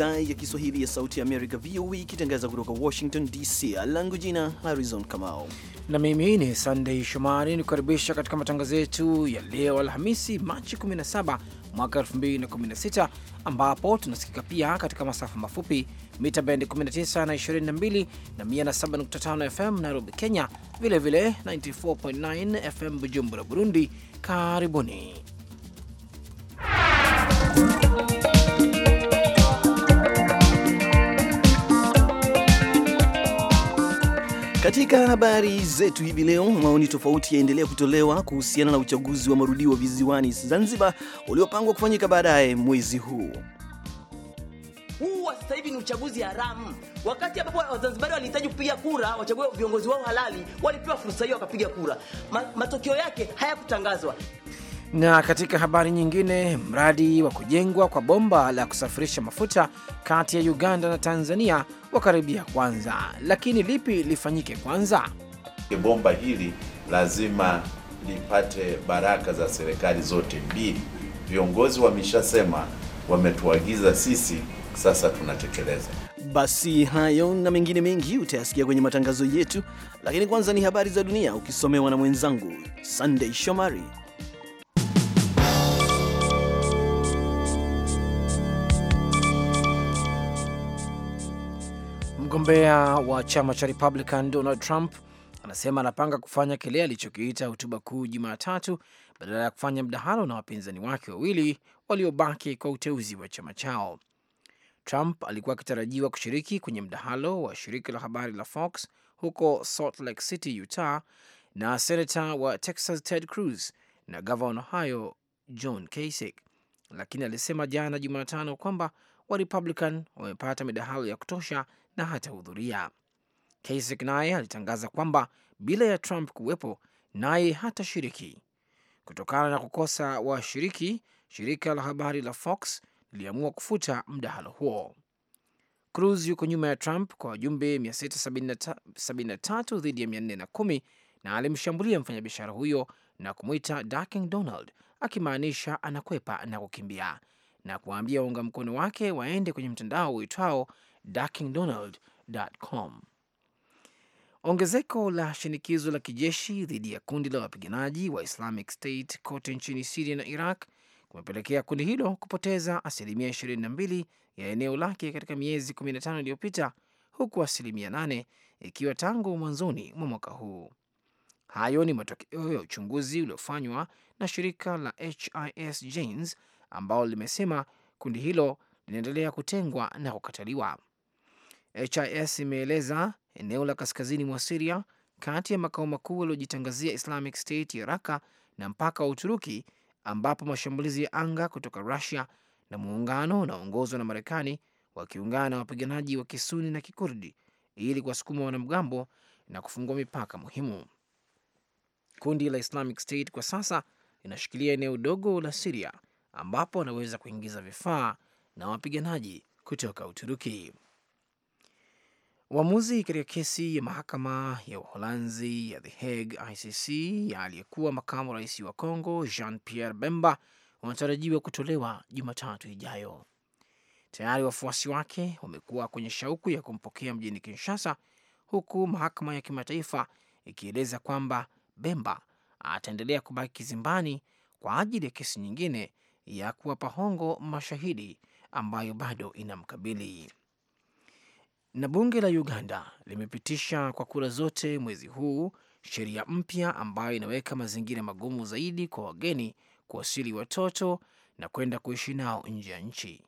idhaa ya Kiswahili ya Sauti ya Amerika, VOA, e, ikitangaza kutoka Washington DC. Langu jina Harrison Kamao na mimi ni Sandei Shomari, nikukaribisha katika matangazo yetu ya leo Alhamisi, Machi 17 mwaka 2016, ambapo tunasikika pia katika masafa mafupi mita bendi 19 na 22 na 107.5 FM Nairobi, Kenya, vilevile 94.9 FM Bujumbura, Burundi. Karibuni. Katika habari zetu hivi leo, maoni tofauti yaendelea kutolewa kuhusiana na uchaguzi wa marudio wa visiwani Zanzibar uliopangwa kufanyika baadaye mwezi huu. Huu sasa hivi ni uchaguzi haramu. Wakati ambapo Wazanzibari walihitaji kupiga kura, wachague viongozi wao halali, walipewa fursa hiyo wakapiga kura. Ma, matokeo yake hayakutangazwa. Na katika habari nyingine, mradi wa kujengwa kwa bomba la kusafirisha mafuta kati ya Uganda na Tanzania wakaribia kwanza, lakini lipi lifanyike kwanza? Bomba hili lazima lipate baraka za serikali zote mbili. Viongozi wameshasema, wametuagiza sisi, sasa tunatekeleza. Basi hayo na mengine mengi utayasikia kwenye matangazo yetu, lakini kwanza ni habari za dunia ukisomewa na mwenzangu Sunday Shomari. Mgombea wa chama cha Republican Donald Trump anasema anapanga kufanya kile alichokiita hotuba kuu Jumatatu badala ya kufanya mdahalo na wapinzani wake wawili waliobaki kwa uteuzi wa chama chao. Trump alikuwa akitarajiwa kushiriki kwenye mdahalo wa shirika la habari la Fox huko Salt Lake City, Utah na senata wa Texas Ted Cruz na gavana Ohio John Kasich, lakini alisema jana Jumatano kwamba Warepublican wamepata midahalo ya kutosha na hatahudhuria. Kasich naye alitangaza kwamba bila ya Trump kuwepo, naye hatashiriki. Kutokana na kukosa washiriki, shirika la habari la Fox liliamua kufuta mdahalo huo. Cruz yuko nyuma ya Trump kwa wajumbe 673 dhidi ya 410 na alimshambulia mfanyabiashara huyo na kumwita Ducking Donald, akimaanisha anakwepa na kukimbia, na kuwaambia waunga mkono wake waende kwenye mtandao uitwao duckingdonald.com. Ongezeko la shinikizo la kijeshi dhidi ya kundi la wapiganaji wa Islamic State kote nchini Siria na Iraq kumepelekea kundi hilo kupoteza asilimia 22 ya eneo lake katika miezi 15 iliyopita, huku asilimia 8 ikiwa tangu mwanzoni mwa mwaka huu. Hayo ni matokeo ya uchunguzi uliofanywa na shirika la HIS Janes ambalo limesema kundi hilo linaendelea kutengwa na kukataliwa. HIS imeeleza eneo la kaskazini mwa Siria kati ya makao makuu yaliyojitangazia Islamic State ya Raka na mpaka wa Uturuki ambapo mashambulizi ya anga kutoka Rusia na muungano unaoongozwa na Marekani wakiungana na wapiganaji wa Kisuni na Kikurdi ili kuwasukuma wanamgambo na kufungua mipaka muhimu. Kundi la Islamic State kwa sasa linashikilia eneo dogo la Siria ambapo wanaweza kuingiza vifaa na wapiganaji kutoka Uturuki. Uamuzi katika kesi ya mahakama ya Uholanzi ya The Hague ICC ya aliyekuwa makamu rais wa Congo Jean Pierre Bemba unatarajiwa kutolewa Jumatatu ijayo. Tayari wafuasi wake wamekuwa kwenye shauku ya kumpokea mjini Kinshasa, huku mahakama ya kimataifa ikieleza kwamba Bemba ataendelea kubaki kizimbani kwa ajili ya kesi nyingine ya kuwapa hongo mashahidi ambayo bado inamkabili. Na bunge la Uganda limepitisha kwa kura zote mwezi huu sheria mpya ambayo inaweka mazingira magumu zaidi kwa wageni kuwasili watoto na kwenda kuishi nao nje ya nchi.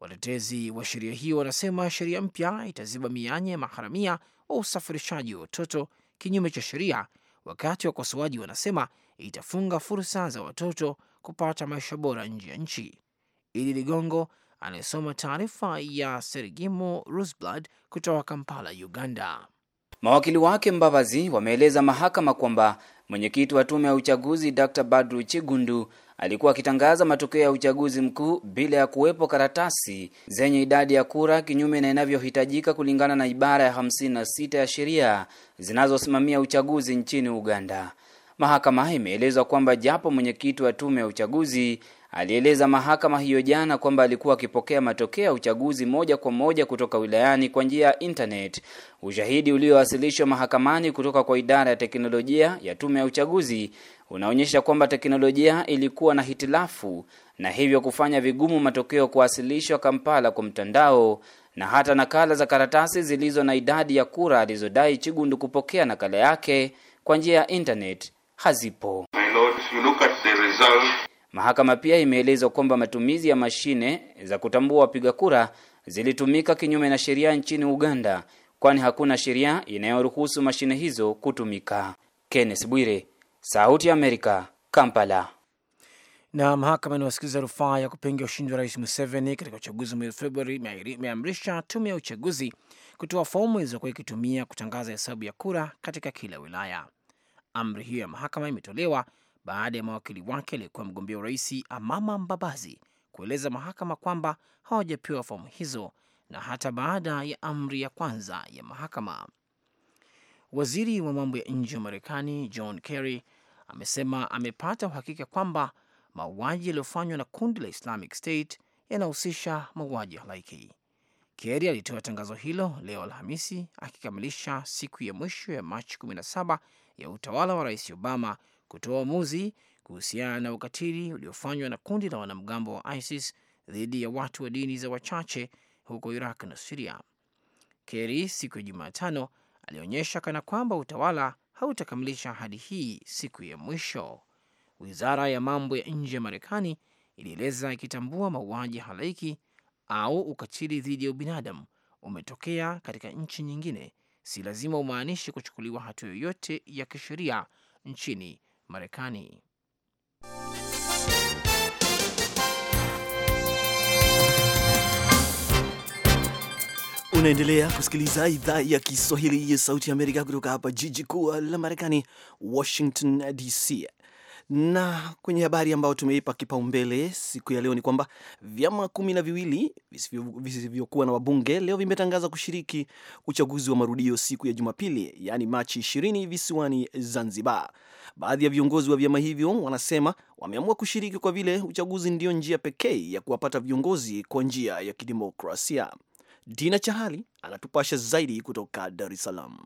Watetezi wa sheria hiyo wanasema sheria mpya itaziba mianya ya maharamia wa usafirishaji wa watoto kinyume cha sheria, wakati wakosoaji wanasema itafunga fursa za watoto kupata maisha bora nje ya nchi. Idi Ligongo anayesoma taarifa ya Sergimo Rusblad kutoka Kampala, Uganda. Mawakili wake mbavazi wameeleza mahakama kwamba mwenyekiti wa tume ya uchaguzi Dr Badru Chigundu alikuwa akitangaza matokeo ya uchaguzi mkuu bila ya kuwepo karatasi zenye idadi ya kura, kinyume na inavyohitajika kulingana na ibara ya 56 ya sheria zinazosimamia uchaguzi nchini Uganda. Mahakama imeelezwa kwamba japo mwenyekiti wa tume ya uchaguzi alieleza mahakama hiyo jana kwamba alikuwa akipokea matokeo ya uchaguzi moja kwa moja kutoka wilayani kwa njia ya intanet. Ushahidi uliowasilishwa mahakamani kutoka kwa idara ya teknolojia ya tume ya uchaguzi unaonyesha kwamba teknolojia ilikuwa na hitilafu na hivyo kufanya vigumu matokeo kuwasilishwa Kampala kwa mtandao, na hata nakala za karatasi zilizo na idadi ya kura alizodai Chigundu kupokea nakala yake kwa njia ya intanet hazipo. My Lord, you look at the result. Mahakama pia imeelezwa kwamba matumizi ya mashine za kutambua wapiga kura zilitumika kinyume na sheria nchini Uganda, kwani hakuna sheria inayoruhusu mashine hizo kutumika. Kenneth Bwire, Sauti ya Amerika, Kampala. Na mahakama inayosikiliza rufaa ya kupinga ushindi wa rais Museveni katika uchaguzi mwezi Februari imeamrisha tume ya uchaguzi kutoa fomu ilizokuwa ikitumia kutangaza hesabu ya kura katika kila wilaya. Amri hiyo ya mahakama imetolewa baada ya mawakili wake aliyekuwa mgombea urais Amama Mbabazi kueleza mahakama kwamba hawajapewa fomu hizo na hata baada ya amri ya kwanza ya mahakama. Waziri wa mambo ya nje wa Marekani John Kerry amesema amepata uhakika kwamba mauaji yaliyofanywa na kundi la Islamic State yanahusisha mauaji halaiki. Kerry alitoa tangazo hilo leo Alhamisi akikamilisha siku ya mwisho ya Machi 17 ya utawala wa Rais Obama kutoa uamuzi kuhusiana na ukatili uliofanywa na kundi la wanamgambo wa ISIS dhidi ya watu wa dini za wachache huko Iraq na Siria. Keri siku ya Jumatano alionyesha kana kwamba utawala hautakamilisha ahadi hii siku ya mwisho. Wizara ya mambo ya nje ya Marekani ilieleza ikitambua mauaji halaiki au ukatili dhidi ya ubinadamu umetokea katika nchi nyingine, si lazima umaanishe kuchukuliwa hatua yoyote ya kisheria nchini Marekani. Unaendelea kusikiliza idhaa ya Kiswahili ya Sauti ya Amerika kutoka hapa jiji kuu la Marekani, Washington DC. Na kwenye habari ambayo tumeipa kipaumbele siku ya leo ni kwamba vyama kumi na viwili visivyokuwa na wabunge leo vimetangaza kushiriki uchaguzi wa marudio siku ya Jumapili, yaani Machi 20 visiwani Zanzibar. Baadhi ya viongozi wa vyama hivyo wanasema wameamua kushiriki kwa vile uchaguzi ndiyo njia pekee ya kuwapata viongozi kwa njia ya kidemokrasia. Dina Chahali anatupasha zaidi kutoka Dar es Salaam.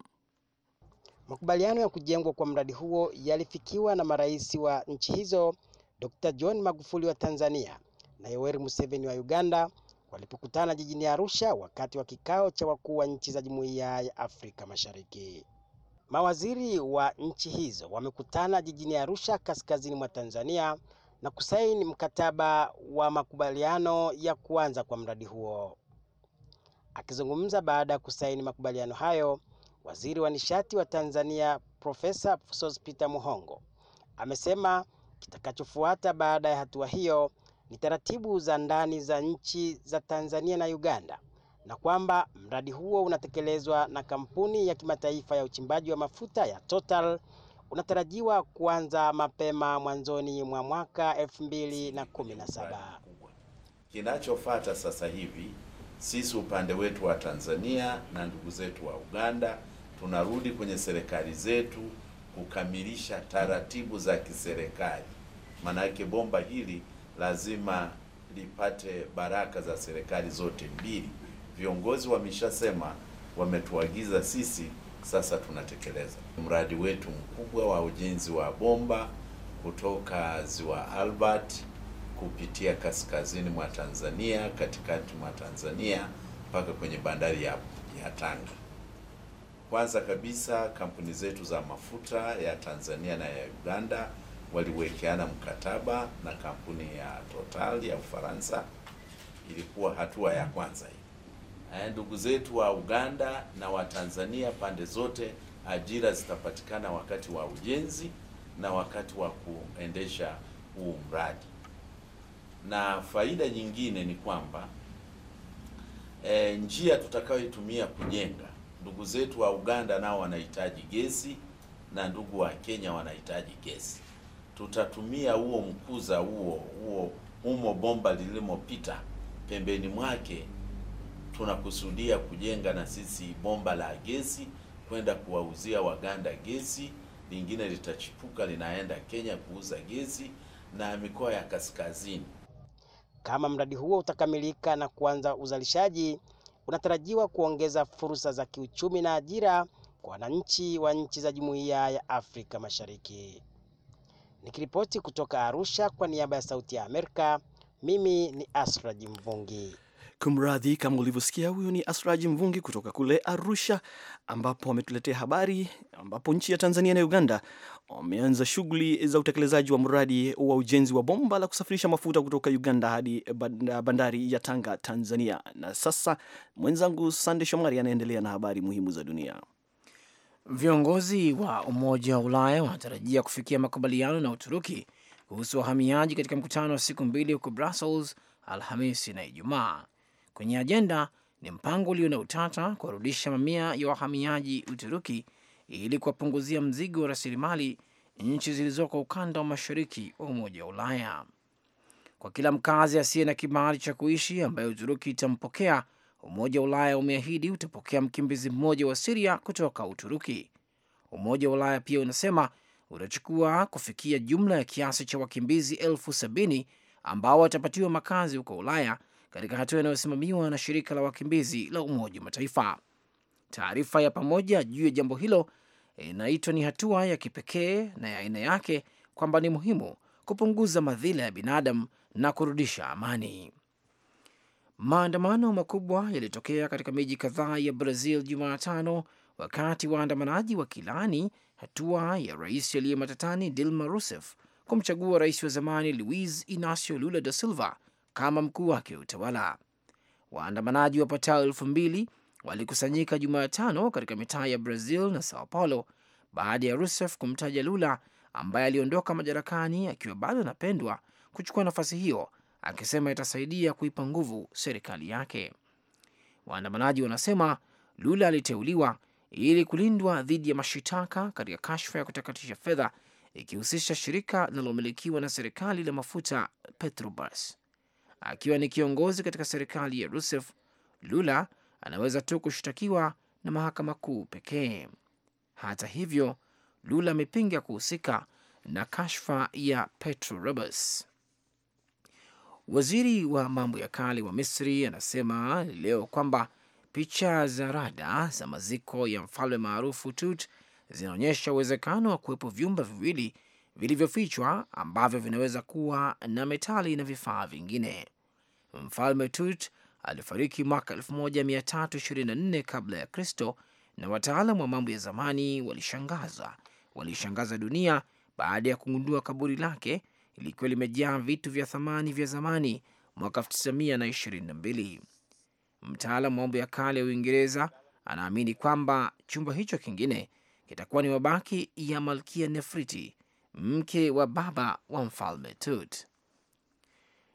Makubaliano ya kujengwa kwa mradi huo yalifikiwa na marais wa nchi hizo Dr. John Magufuli wa Tanzania na Yoweri Museveni wa Uganda walipokutana jijini Arusha wakati wa kikao cha wakuu wa nchi za Jumuiya ya Afrika Mashariki. Mawaziri wa nchi hizo wamekutana jijini Arusha, kaskazini mwa Tanzania na kusaini mkataba wa makubaliano ya kuanza kwa mradi huo. Akizungumza baada ya kusaini makubaliano hayo, Waziri wa nishati wa Tanzania Profesa Sospeter Muhongo amesema kitakachofuata baada ya hatua hiyo ni taratibu za ndani za nchi za Tanzania na Uganda na kwamba mradi huo unatekelezwa na kampuni ya kimataifa ya uchimbaji wa mafuta ya Total unatarajiwa kuanza mapema mwanzoni mwa mwaka 2017. Kinachofuata sasa hivi sisi upande wetu wa Tanzania na ndugu zetu wa Uganda tunarudi kwenye serikali zetu kukamilisha taratibu za kiserikali. Maana yake bomba hili lazima lipate baraka za serikali zote mbili. Viongozi wameshasema, wametuagiza sisi, sasa tunatekeleza mradi wetu mkubwa wa ujenzi wa bomba kutoka Ziwa Albert kupitia kaskazini mwa Tanzania, katikati mwa Tanzania mpaka kwenye bandari ya, ya Tanga. Kwanza kabisa kampuni zetu za mafuta ya Tanzania na ya Uganda waliwekeana mkataba na kampuni ya Total ya Ufaransa. Ilikuwa hatua ya kwanza hii. Eh, ndugu zetu wa Uganda na wa Tanzania, pande zote ajira zitapatikana wakati wa ujenzi na wakati wa kuendesha huu mradi. Na faida nyingine ni kwamba e, njia tutakayoitumia kujenga ndugu zetu wa Uganda nao wanahitaji gesi na ndugu wa Kenya wanahitaji gesi. Tutatumia huo mkuza huo huo humo bomba lilimopita pembeni mwake, tunakusudia kujenga na sisi bomba la gesi kwenda kuwauzia Waganda gesi, lingine litachipuka linaenda Kenya kuuza gesi na mikoa ya kaskazini. Kama mradi huo utakamilika na kuanza uzalishaji unatarajiwa kuongeza fursa za kiuchumi na ajira kwa wananchi wa nchi za Jumuiya ya Afrika Mashariki. Nikiripoti kutoka Arusha kwa niaba ya Sauti ya Amerika, mimi ni Asra Jimvungi. Kumradhi, kama ulivyosikia, huyo ni Asraji Mvungi kutoka kule Arusha, ambapo ametuletea habari ambapo nchi ya Tanzania na Uganda wameanza shughuli za utekelezaji wa mradi wa ujenzi wa bomba la kusafirisha mafuta kutoka Uganda hadi bandari ya Tanga, Tanzania. Na sasa mwenzangu Sande Shomari anaendelea na habari muhimu za dunia. Viongozi wa Umoja wa Ulaya wanatarajia kufikia makubaliano na Uturuki kuhusu wahamiaji katika mkutano wa siku mbili huko Brussels Alhamisi na Ijumaa. Kwenye ajenda ni mpango ulio na utata kuwarudisha mamia ya wahamiaji Uturuki ili kuwapunguzia mzigo wa rasilimali nchi zilizoko ukanda wa mashariki wa Umoja wa Ulaya. Kwa kila mkazi asiye na kibali cha kuishi ambaye Uturuki itampokea, Umoja wa Ulaya umeahidi utapokea mkimbizi mmoja wa Siria kutoka Uturuki. Umoja wa Ulaya pia unasema utachukua kufikia jumla ya kiasi cha wakimbizi elfu sabini ambao watapatiwa makazi huko Ulaya katika hatua inayosimamiwa na shirika la wakimbizi la Umoja wa Mataifa. Taarifa ya pamoja juu ya jambo hilo inaitwa ni hatua ya kipekee na ya aina yake, kwamba ni muhimu kupunguza madhila ya binadamu na kurudisha amani. Maandamano makubwa yalitokea katika miji kadhaa ya Brazil Jumatano wakati waandamanaji wakilaani hatua ya rais aliye matatani Dilma Rousseff kumchagua rais wa zamani Luiz Inacio Lula da Silva kama mkuu wake wa utawala. Waandamanaji wapatao elfu mbili walikusanyika Jumatano katika mitaa ya Brazil na Sao Paulo baada ya Rousseff kumtaja Lula ambaye aliondoka madarakani akiwa bado anapendwa kuchukua nafasi hiyo, akisema itasaidia kuipa nguvu serikali yake. Waandamanaji wanasema Lula aliteuliwa ili kulindwa dhidi ya mashitaka katika kashfa ya kutakatisha fedha ikihusisha shirika linalomilikiwa na serikali la mafuta Petrobras. Akiwa ni kiongozi katika serikali ya Rusef, Lula anaweza tu kushtakiwa na mahakama kuu pekee. Hata hivyo, Lula amepinga kuhusika na kashfa ya Petro Robes. Waziri wa mambo ya kale wa Misri anasema leo kwamba picha za rada za maziko ya mfalme maarufu Tut zinaonyesha uwezekano wa kuwepo vyumba viwili vilivyofichwa ambavyo vinaweza kuwa na metali na vifaa vingine. Mfalme Tut alifariki mwaka 1324 kabla ya Kristo, na wataalamu wa mambo ya zamani walishangaza walishangaza dunia baada ya kugundua kaburi lake ilikiwa limejaa vitu vya thamani vya zamani mwaka 1922. Mtaalam wa mambo ya kale ya Uingereza anaamini kwamba chumba hicho kingine kitakuwa ni mabaki ya Malkia Nefriti mke wa baba wa mfalme Tut.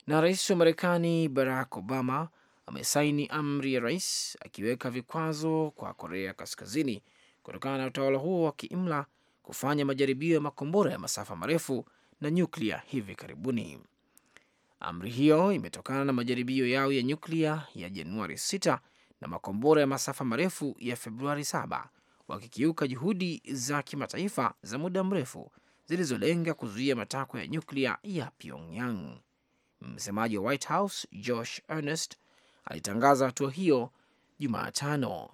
Na rais wa Marekani Barack Obama amesaini amri ya rais akiweka vikwazo kwa Korea Kaskazini kutokana na utawala huo wa kiimla kufanya majaribio ya makombora ya masafa marefu na nyuklia hivi karibuni. Amri hiyo imetokana na majaribio yao ya nyuklia ya Januari 6 na makombora ya masafa marefu ya Februari 7 wakikiuka juhudi za kimataifa za muda mrefu zilizolenga kuzuia matakwa ya nyuklia ya Pyongyang. Msemaji wa White House Josh Earnest alitangaza hatua hiyo Jumatano.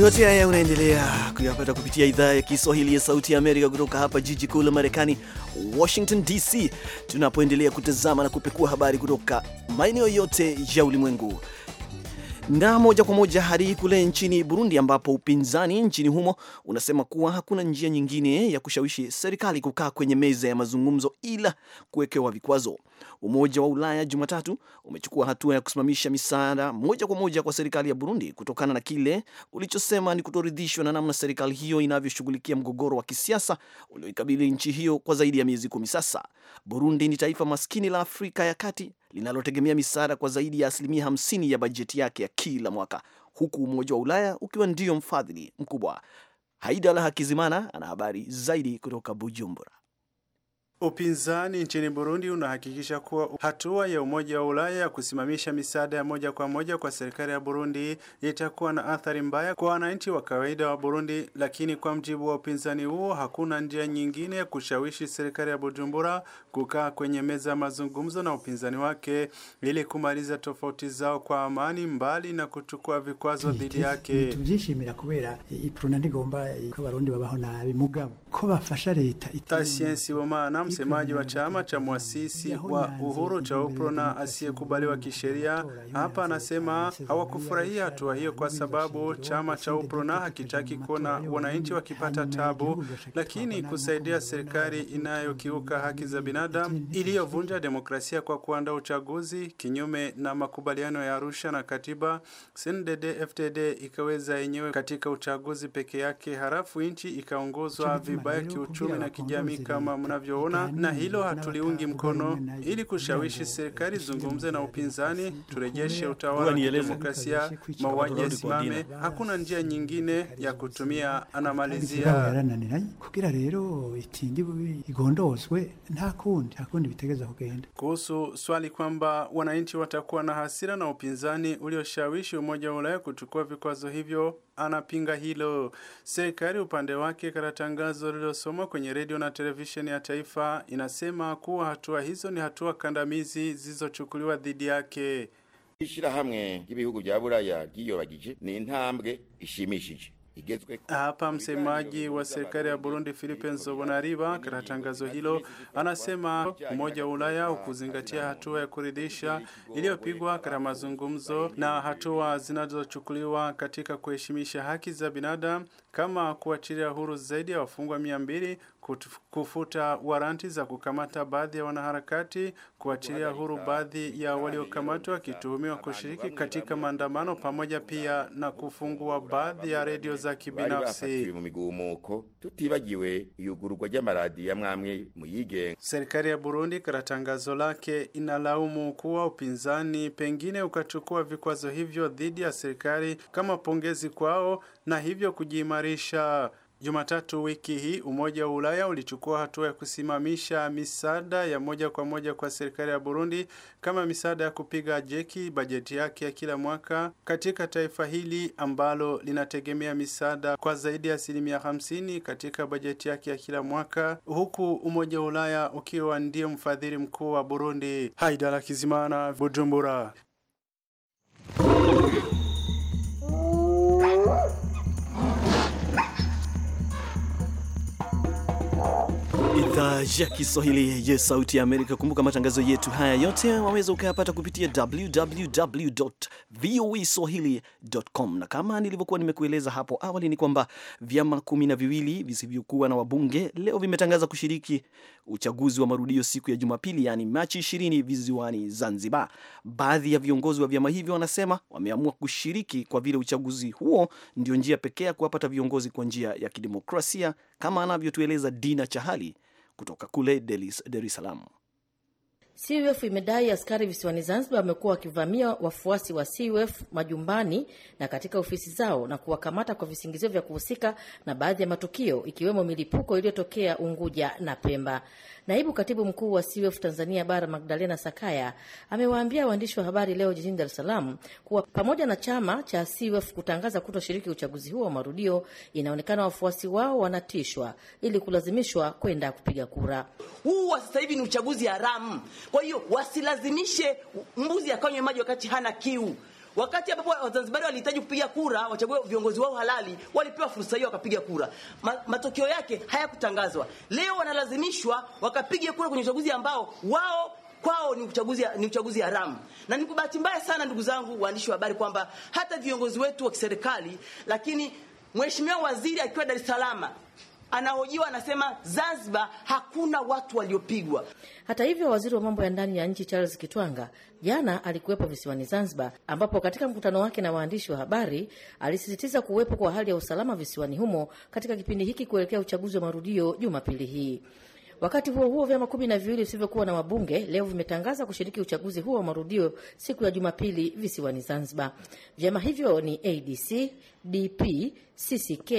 Yote haya unaendelea kuyapata kupitia idhaa ya Kiswahili ya Sauti ya Amerika kutoka hapa jiji kuu la Marekani, Washington DC, tunapoendelea kutazama na kupekua habari kutoka maeneo yote ya ulimwengu. Na moja kwa moja hadi kule nchini Burundi ambapo upinzani nchini humo unasema kuwa hakuna njia nyingine ya kushawishi serikali kukaa kwenye meza ya mazungumzo ila kuwekewa vikwazo. Umoja wa Ulaya Jumatatu umechukua hatua ya kusimamisha misaada moja kwa moja kwa serikali ya Burundi kutokana na kile ulichosema ni kutoridhishwa na namna serikali hiyo inavyoshughulikia mgogoro wa kisiasa ulioikabili nchi hiyo kwa zaidi ya miezi kumi sasa. Burundi ni taifa maskini la Afrika ya Kati linalotegemea misaada kwa zaidi ya asilimia 50 ya bajeti yake ya kila mwaka, huku Umoja wa Ulaya ukiwa ndio mfadhili mkubwa. Haidala Hakizimana ana habari zaidi kutoka Bujumbura. Upinzani nchini Burundi unahakikisha kuwa hatua ya Umoja wa Ulaya ya kusimamisha misaada ya moja kwa moja kwa serikali ya Burundi itakuwa na athari mbaya kwa wananchi wa kawaida wa Burundi, lakini kwa mjibu wa upinzani huo, hakuna njia nyingine ya kushawishi serikali ya Bujumbura kukaa kwenye meza ya mazungumzo na upinzani wake ili kumaliza tofauti zao kwa amani, mbali na kuchukua vikwazo dhidi yake. tuvyishimira kubera ipruna ndigomba ko abarundi babaho nabi mugabo ko bafasha leta itasiensi bomana msemaji wa chama cha mwasisi wa uhuru cha UPRO na asiyekubaliwa kisheria hapa anasema hawakufurahia hatua hiyo kwa sababu chama cha UPRO na hakitaki kuona wananchi wakipata tabu, lakini kusaidia serikali inayokiuka haki za binadamu iliyovunja demokrasia kwa kuandaa uchaguzi kinyume na makubaliano ya Arusha na katiba, CNDD-FDD ikaweza yenyewe katika uchaguzi peke yake, halafu nchi ikaongozwa vibaya kiuchumi na kijamii kama mnavyoona sana, na hilo hatuliungi mkono. Ili kushawishi serikali zungumze na upinzani, turejeshe utawala wa demokrasia, mauaji yasimame. Hakuna njia nyingine ya kutumia, anamalizia kugira rero itindi igondozwe nta kundi nta kundi bitegeza kugenda. Kuhusu swali kwamba wananchi watakuwa na hasira na upinzani ulioshawishi umoja wa Ulaya kuchukua vikwazo hivyo anapinga hilo. Serikali upande wake, katika tangazo lililosomwa kwenye redio na televisheni ya taifa, inasema kuwa hatua hizo ni hatua kandamizi zilizochukuliwa dhidi yake. Ishirahamwe ry'ibihugu bya Buraya ryiyobagije ni intambwe ishimishije hapa msemaji wa serikali ya Burundi Philippe Nzobonariba katika tangazo hilo anasema Umoja wa Ulaya ukuzingatia hatua ya kuridhisha iliyopigwa katika mazungumzo na hatua zinazochukuliwa katika kuheshimisha haki za binadamu kama kuachilia huru zaidi ya wafungwa mia mbili kufuta waranti za kukamata baadhi ya wanaharakati, kuachilia huru baadhi ya waliokamatwa wakituhumiwa kushiriki katika maandamano, pamoja pia na kufungua baadhi ya redio za kibinafsi. Serikali ya Burundi katika tangazo lake inalaumu kuwa upinzani pengine ukachukua vikwazo hivyo dhidi ya serikali kama pongezi kwao na hivyo kujiimarisha. Jumatatu wiki hii Umoja wa Ulaya ulichukua hatua ya kusimamisha misaada ya moja kwa moja kwa serikali ya Burundi kama misaada ya kupiga jeki bajeti yake ya kila mwaka katika taifa hili ambalo linategemea misaada kwa zaidi ya asilimia hamsini katika bajeti yake ya kila mwaka, huku Umoja wa Ulaya ukiwa ndiye mfadhili mkuu wa Burundi. Haidala Kizimana, Bujumbura. idhaa ya Kiswahili ya Sauti ya Amerika. Kumbuka matangazo yetu haya yote waweza ukayapata kupitia swahilicom, na kama nilivyokuwa nimekueleza hapo awali ni kwamba vyama kumi na viwili visivyokuwa na wabunge leo vimetangaza kushiriki uchaguzi wa marudio siku ya Jumapili, yaani Machi 20 visiwani Zanzibar. Baadhi ya viongozi wa vyama hivyo wanasema wameamua kushiriki kwa vile uchaguzi huo ndio njia pekee ya kuwapata viongozi kwa njia ya kidemokrasia, kama anavyotueleza Dina Chahali kutoka kule Dar es Salaam. CUF imedai askari visiwani Zanzibar wamekuwa wakivamia wafuasi wa CUF majumbani na katika ofisi zao na kuwakamata kwa visingizio vya kuhusika na baadhi ya matukio ikiwemo milipuko iliyotokea Unguja na Pemba. Naibu katibu mkuu wa CUF Tanzania Bara, Magdalena Sakaya, amewaambia waandishi wa habari leo jijini Dar es Salaam kuwa pamoja na chama cha CUF kutangaza kutoshiriki uchaguzi huo wa marudio, inaonekana wafuasi wao wanatishwa ili kulazimishwa kwenda kupiga kura. Huu sasa hivi ni uchaguzi haramu. Kwa hiyo wasilazimishe mbuzi akanywe maji wakati hana kiu. Wakati ambapo Wazanzibari walihitaji kupiga kura, wachague viongozi wao halali, walipewa fursa hiyo wakapiga kura. Ma, matokeo yake hayakutangazwa. Leo wanalazimishwa wakapiga kura kwenye uchaguzi ambao wao kwao ni uchaguzi ni uchaguzi haramu. Na ni bahati mbaya sana, ndugu zangu waandishi wa habari, kwamba hata viongozi wetu wa kiserikali, lakini mheshimiwa waziri akiwa Dar es Salaam anahojiwa anasema Zanzibar hakuna watu waliopigwa. Hata hivyo, waziri wa mambo ya ndani ya nchi Charles Kitwanga jana alikuwepo visiwani Zanzibar, ambapo katika mkutano wake na waandishi wa habari alisisitiza kuwepo kwa hali ya usalama visiwani humo katika kipindi hiki kuelekea uchaguzi wa marudio Jumapili hii. Wakati huo huo, vyama kumi na viwili visivyokuwa na wabunge leo vimetangaza kushiriki uchaguzi huo wa marudio siku ya Jumapili visiwani Zanzibar. Vyama hivyo ni ADC, DP, CCK,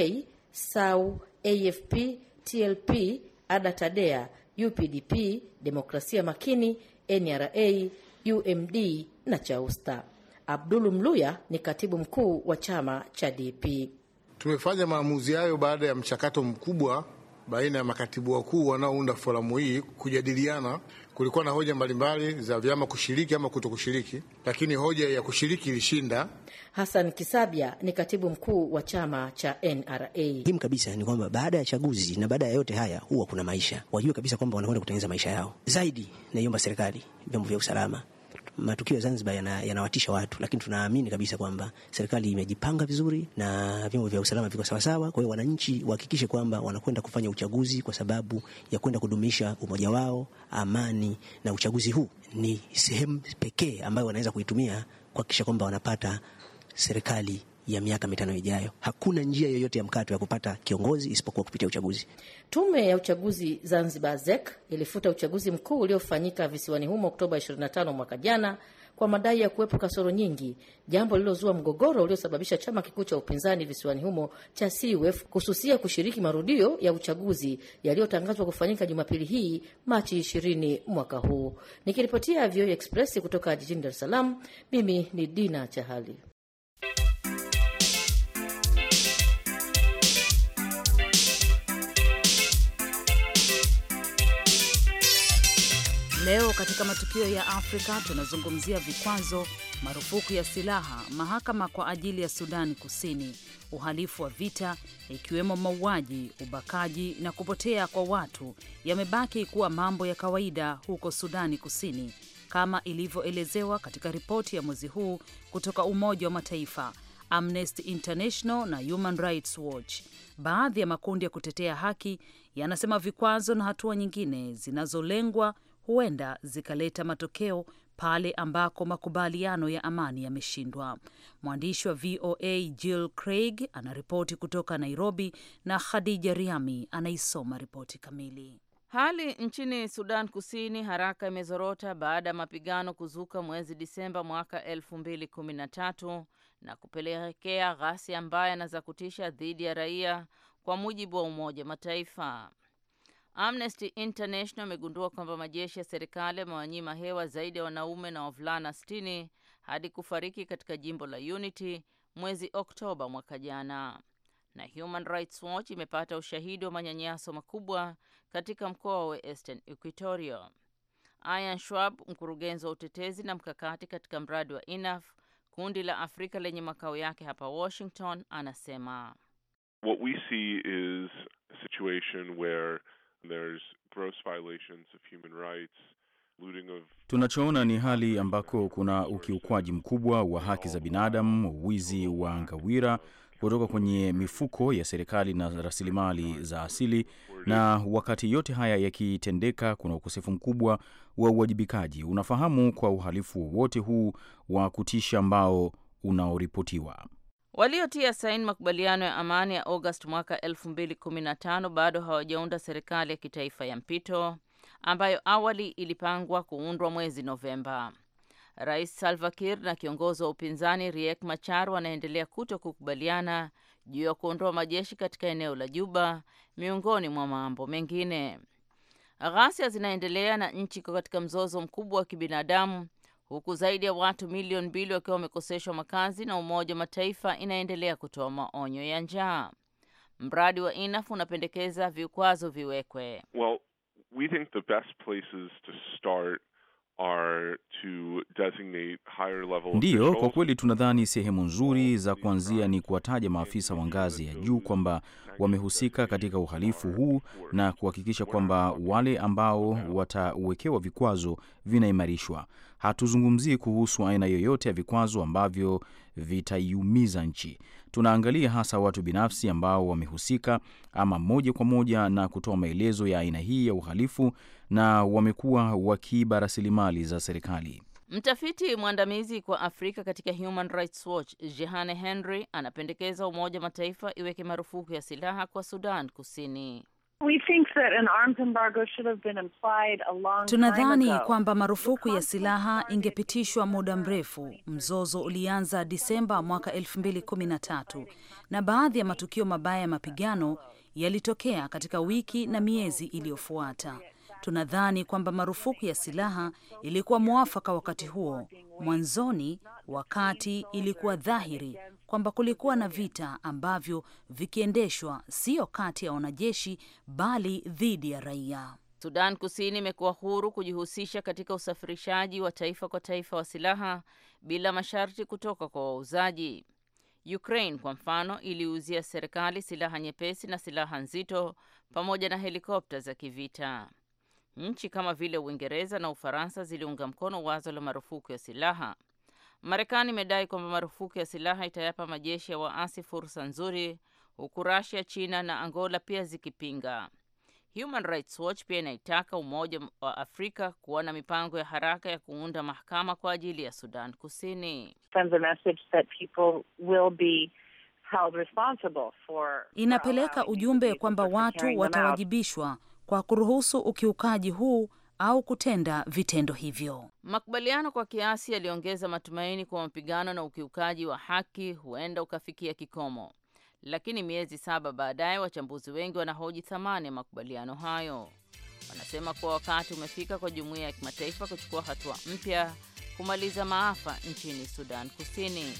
SAU, AFP, TLP, ADA TADEA, UPDP, Demokrasia Makini, NRA, UMD na Chausta. Abdulu Mluya ni katibu mkuu wa chama cha DP. Tumefanya maamuzi hayo baada ya mchakato mkubwa baina ya makatibu wakuu wanaounda foramu hii kujadiliana kulikuwa na hoja mbalimbali za vyama kushiriki ama kuto kushiriki, lakini hoja ya kushiriki ilishinda. Hassan Kisabia ni katibu mkuu wa chama cha NRA. Muhimu kabisa ni kwamba baada ya chaguzi na baada ya yote haya huwa kuna maisha, wajue kabisa kwamba wanakwenda kutengeneza maisha yao zaidi. Naiomba serikali, vyombo vya usalama matukio ya Zanzibar yanawatisha yana watu, lakini tunaamini kabisa kwamba serikali imejipanga vizuri na vyombo vya usalama viko sawasawa. Kwa hiyo wananchi wahakikishe kwamba wanakwenda kufanya uchaguzi kwa sababu ya kwenda kudumisha umoja wao, amani, na uchaguzi huu ni sehemu pekee ambayo wanaweza kuitumia kuhakikisha kwamba wanapata serikali ya miaka mitano ijayo. Hakuna njia yoyote ya mkato ya kupata kiongozi isipokuwa kupitia uchaguzi. Tume ya uchaguzi Zanzibar ZEK ilifuta uchaguzi mkuu uliofanyika visiwani humo Oktoba 25 mwaka jana kwa madai ya kuwepo kasoro nyingi, jambo lililozua mgogoro uliosababisha chama kikuu cha upinzani visiwani humo cha CUF kususia kushiriki marudio ya uchaguzi yaliyotangazwa kufanyika Jumapili hii Machi 20 mwaka huu. Nikiripotia VOA Express kutoka jijini Dar es Salaam, mimi ni Dina Chahali. Leo katika matukio ya Afrika tunazungumzia vikwazo, marufuku ya silaha, mahakama kwa ajili ya Sudani Kusini, uhalifu wa vita ikiwemo mauaji, ubakaji na kupotea kwa watu yamebaki kuwa mambo ya kawaida huko Sudani Kusini kama ilivyoelezewa katika ripoti ya mwezi huu kutoka Umoja wa Mataifa, Amnesty International na Human Rights Watch. Baadhi ya makundi ya kutetea haki yanasema vikwazo na hatua nyingine zinazolengwa huenda zikaleta matokeo pale ambako makubaliano ya amani yameshindwa. Mwandishi wa VOA Jill Craig anaripoti kutoka Nairobi na Khadija Riami anaisoma ripoti kamili. Hali nchini Sudan Kusini haraka imezorota baada ya mapigano kuzuka mwezi Disemba mwaka elfu na na kupelekea ghasia mbaya na za kutisha dhidi ya raia, kwa mujibu wa Umoja Mataifa. Amnesty International amegundua kwamba majeshi ya serikali yamewanyima hewa zaidi ya wanaume na wavulana 60 hadi kufariki katika jimbo la Unity mwezi Oktoba mwaka jana. Na Human Rights Watch imepata ushahidi wa manyanyaso makubwa katika mkoa wa Eastern Equatoria. Ian Schwab, mkurugenzi wa utetezi na mkakati katika mradi wa INAF, kundi la Afrika lenye makao yake hapa Washington, anasema What we see is a situation where Tunachoona ni hali ambako kuna ukiukwaji mkubwa wa haki za binadamu, wizi wa ngawira kutoka kwenye mifuko ya serikali na rasilimali za asili. Na wakati yote haya yakitendeka, kuna ukosefu mkubwa wa uwajibikaji. Unafahamu, kwa uhalifu wowote huu wa kutisha ambao unaoripotiwa Waliotia saini makubaliano ya amani ya Agosti mwaka 2015 bado hawajaunda serikali ya kitaifa ya mpito ambayo awali ilipangwa kuundwa mwezi Novemba. Rais Salva Kiir na kiongozi wa upinzani Riek Machar wanaendelea kuto kukubaliana juu ya kuondoa majeshi katika eneo la Juba miongoni mwa mambo mengine. Ghasia zinaendelea na nchi iko katika mzozo mkubwa wa kibinadamu huku zaidi ya watu milioni mbili wakiwa wamekoseshwa makazi na Umoja wa Mataifa inaendelea kutoa maonyo ya njaa. Mradi wa INAF unapendekeza vikwazo viwekwe. Well, we think the best places to start Ndiyo, kwa kweli tunadhani sehemu nzuri za kuanzia ni kuwataja maafisa wa ngazi ya juu kwamba wamehusika katika uhalifu huu na kuhakikisha kwamba wale ambao watawekewa vikwazo vinaimarishwa. Hatuzungumzii kuhusu aina yoyote ya vikwazo ambavyo vitaiumiza nchi. Tunaangalia hasa watu binafsi ambao wamehusika ama moja kwa moja na kutoa maelezo ya aina hii ya uhalifu na wamekuwa wakiiba rasilimali za serikali. Mtafiti mwandamizi kwa Afrika katika Human Rights Watch, Jehane Henry anapendekeza Umoja Mataifa iweke marufuku ya silaha kwa Sudan Kusini. Tunadhani kwamba marufuku ya silaha ingepitishwa muda mrefu. Mzozo ulianza Disemba mwaka 2013 na baadhi ya matukio mabaya ya mapigano yalitokea katika wiki na miezi iliyofuata. Tunadhani kwamba marufuku ya silaha ilikuwa mwafaka wakati huo. Mwanzoni, wakati ilikuwa dhahiri kwamba kulikuwa na vita ambavyo vikiendeshwa sio kati ya wanajeshi bali dhidi ya raia. Sudan Kusini imekuwa huru kujihusisha katika usafirishaji wa taifa kwa taifa wa silaha bila masharti kutoka kwa wauzaji. Ukraine kwa mfano iliuzia serikali silaha nyepesi na silaha nzito pamoja na helikopta za kivita. Nchi kama vile Uingereza na Ufaransa ziliunga mkono wazo la marufuku ya silaha. Marekani imedai kwamba marufuku ya silaha itayapa majeshi ya waasi fursa nzuri, huku rasia China na Angola pia zikipinga. Human Rights Watch pia inaitaka Umoja wa Afrika kuwa na mipango ya haraka ya kuunda mahakama kwa ajili ya Sudan Kusini. Uh, Inapeleka ujumbe kwamba watu watawajibishwa kwa kuruhusu ukiukaji huu au kutenda vitendo hivyo. Makubaliano kwa kiasi yaliongeza matumaini kwa mapigano na ukiukaji wa haki huenda ukafikia kikomo, lakini miezi saba baadaye, wachambuzi wengi wanahoji thamani ya makubaliano hayo. Wanasema kuwa wakati umefika kwa jumuiya ya kimataifa kuchukua hatua mpya kumaliza maafa nchini Sudan Kusini.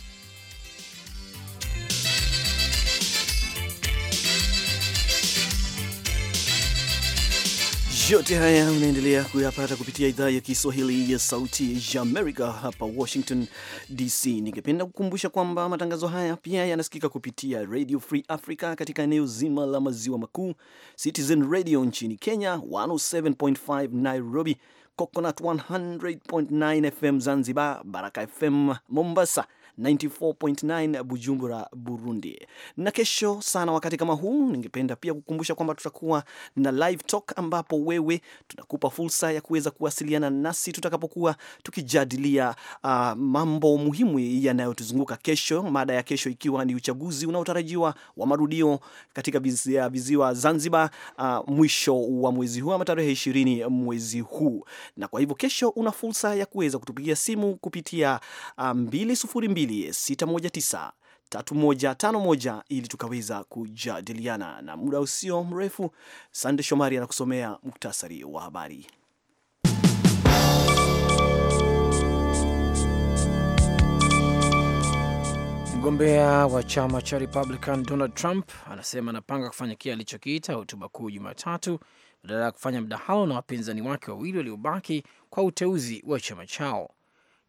Yote haya unaendelea kuyapata kupitia idhaa ya Kiswahili ya Sauti ya Amerika hapa Washington DC. Ningependa kukumbusha kwamba matangazo haya pia yanasikika kupitia Radio Free Africa katika eneo zima la maziwa makuu, Citizen Radio nchini Kenya 107.5 Nairobi, Coconut 100.9 FM Zanzibar, Baraka FM Mombasa 94.9 Bujumbura, Burundi. Na kesho sana wakati kama huu, ningependa pia kukumbusha kwamba tutakuwa na live talk, ambapo wewe tunakupa fursa ya kuweza kuwasiliana nasi tutakapokuwa tukijadilia uh, mambo muhimu yanayotuzunguka kesho, mada ya kesho ikiwa ni uchaguzi unaotarajiwa wa marudio katika viziwa, bizi, Zanzibar, uh, mwisho wa mwezi huu ama tarehe 20 mwezi huu, na kwa hivyo kesho una fursa ya kuweza kutupigia simu kupitia 202 ah, mbili 619 3151 ili tukaweza kujadiliana. Na muda usio mrefu, Sande Shomari anakusomea muktasari wa habari. Mgombea wa chama cha Republican Donald Trump anasema anapanga kufanya kile alichokiita hotuba kuu Jumatatu badala ya kufanya mdahalo na wapinzani wake wawili waliobaki kwa uteuzi wa chama chao.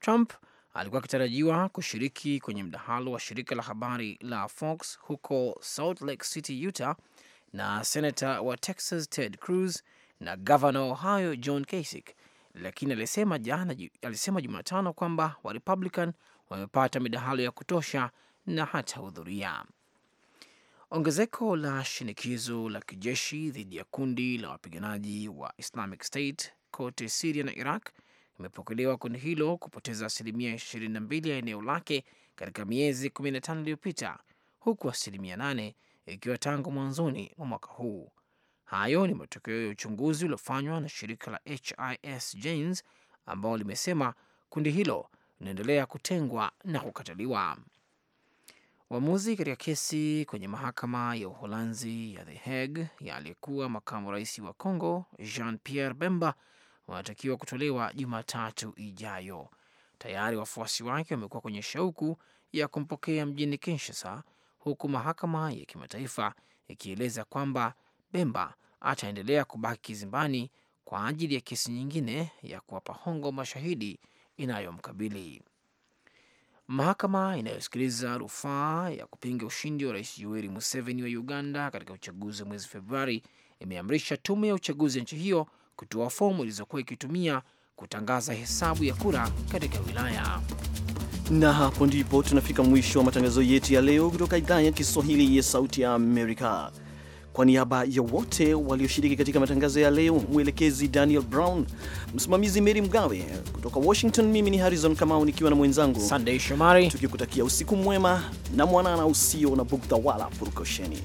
Trump alikuwa akitarajiwa kushiriki kwenye mdahalo wa shirika la habari la Fox huko Salt Lake City, Utah na senata wa Texas Ted Cruz na gavana wa Ohio John Kasich, lakini alisema jana, alisema Jumatano kwamba Warepublican wamepata midahalo ya kutosha na hatahudhuria. Ongezeko la shinikizo la kijeshi dhidi ya kundi la wapiganaji wa Islamic State kote Siria na Iraq imepokelewa kundi hilo kupoteza asilimia 22 ya eneo lake katika miezi 15 iliyopita, huku asilimia 8 ikiwa tangu mwanzoni mwa mwaka huu. Hayo ni matokeo ya uchunguzi uliofanywa na shirika la HIS Janes ambao limesema kundi hilo linaendelea kutengwa na kukataliwa. Uamuzi katika kesi kwenye mahakama ya Uholanzi ya The Hague ya aliyekuwa makamu rais wa Congo Jean Pierre Bemba wanatakiwa kutolewa Jumatatu ijayo. Tayari wafuasi wake wamekuwa kwenye shauku ya kumpokea mjini Kinshasa, huku mahakama ya kimataifa ikieleza kwamba Bemba ataendelea kubaki kizimbani kwa ajili ya kesi nyingine ya kuwapa hongo mashahidi inayomkabili. Mahakama inayosikiliza rufaa ya kupinga ushindi wa rais Yoweri Museveni wa Uganda katika uchaguzi wa mwezi Februari imeamrisha tume ya uchaguzi ya nchi hiyo kutoa fomu ilizokuwa ikitumia kutangaza hesabu ya kura katika wilaya. Na hapo ndipo tunafika mwisho wa matangazo yetu ya leo kutoka idhaa ya Kiswahili ya Sauti ya Amerika. Kwa niaba ya wote walioshiriki katika matangazo ya leo, mwelekezi Daniel Brown, msimamizi Mary Mgawe kutoka Washington, mimi ni Harrison Kamau nikiwa na mwenzangu Sunday Shomari, tukikutakia usiku mwema na mwanana usio na bugdha wala purukosheni.